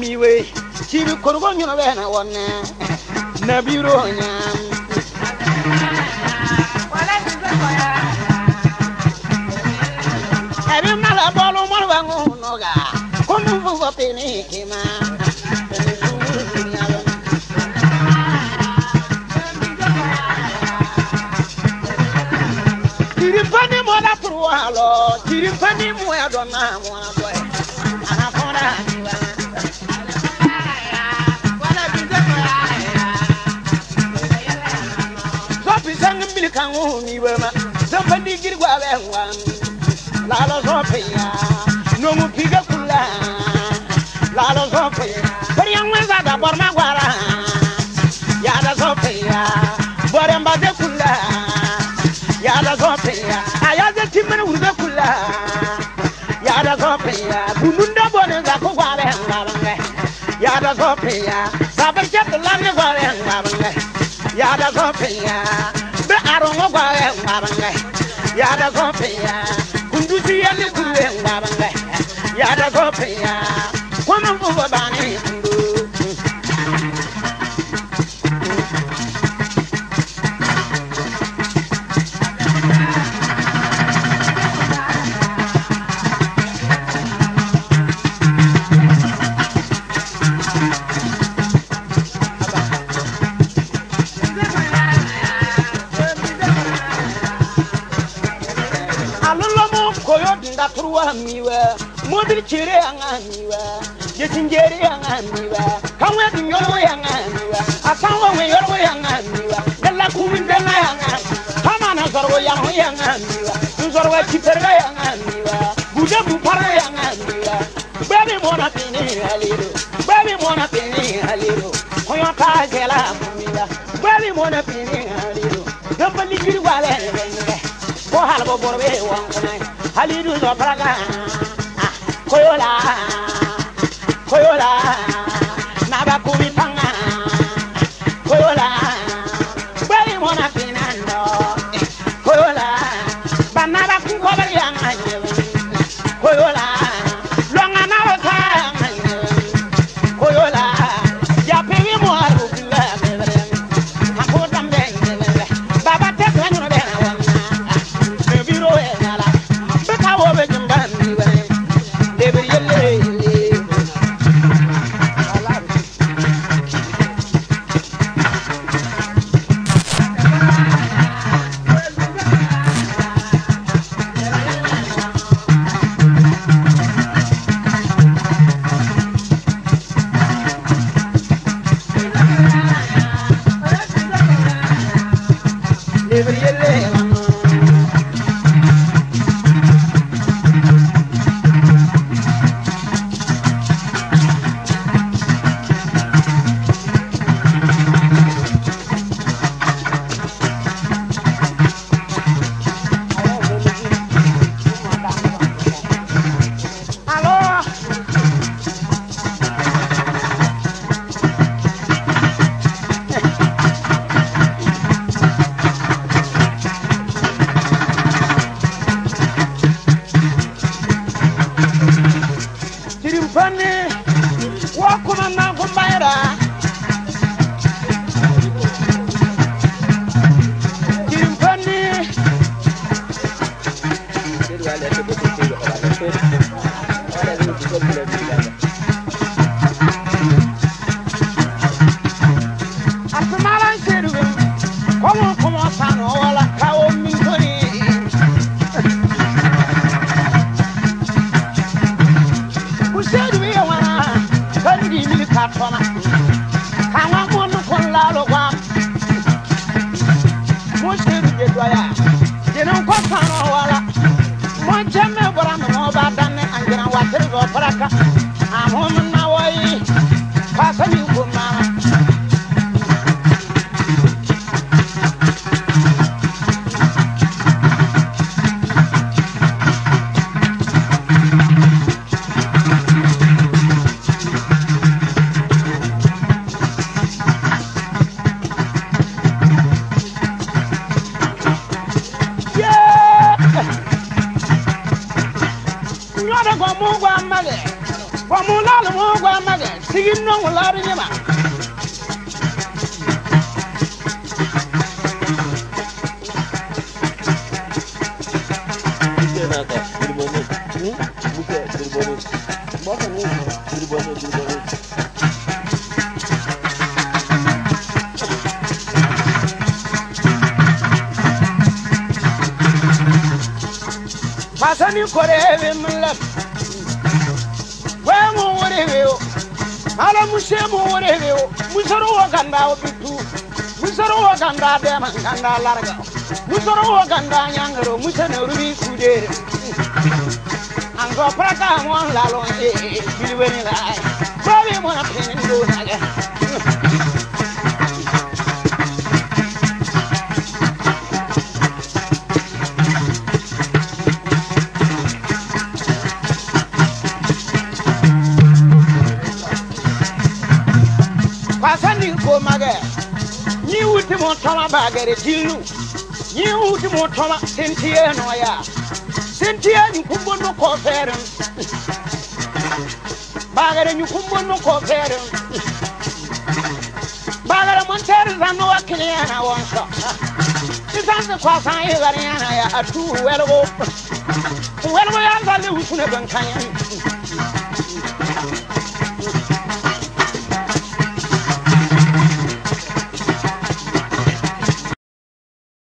miwe cibi korugo ñuno ɓeene wonne nabiro ñam Ebi mala bolu mon wangunoga kunu fofo pini kima tiri pani mola turwalo tiri pani moya donnamoa mi bama no mu piga kula lalo so pinya bari borma gwara ya da so pinya kula ya da so pinya aya kula ya da bununda bone za ko gwa be ngwan ya da so pinya sabar chat lan yada go peya kwama mvuva bani mbu Alulama goyo dinga miwa mobil chire anga miwa jesinjeri anga miwa kanwe dinyoro anga miwa asanwa we yoro anga miwa dalla kumin dalla anga kama na zorwo ya ho anga miwa zorwa chiperga anga miwa buja bupara anga miwa baby mona tini halilo baby mona tini halilo koyo ta gela miwa baby mona tini halilo gabali girwale ko halbo borbe wankana halidu zɔn paraka koyola koyola. திருவியல்லே wani wo kuma na kumbaira kimfani Thank mungwa mage wa mulala mungwa mage sigi no mulari nyima Pasani kore vimlam worewewo ala musemo worewewo musorowo gandawo bittu musorowo ganda dema ganda larga musorowo ganda ñangaro musene rubi kudere ango praka lalon e bilweni lay bawi mona penen donaga pasani ko magɛ ni wuti mu tɔma baagɛrɛ diinu ni wuti mu tɔma sentiye nɔya sentiye ni kumbo no kɔfɛɛrɛ baagɛrɛ ni kumbo no kɔfɛɛrɛ baagɛrɛ mɔntɛri la nowa kiliya na wɔn sɔ sisan ti kɔ san ye ya a tu wɛlɛbo wɛlɛbo y'an zali wusu ne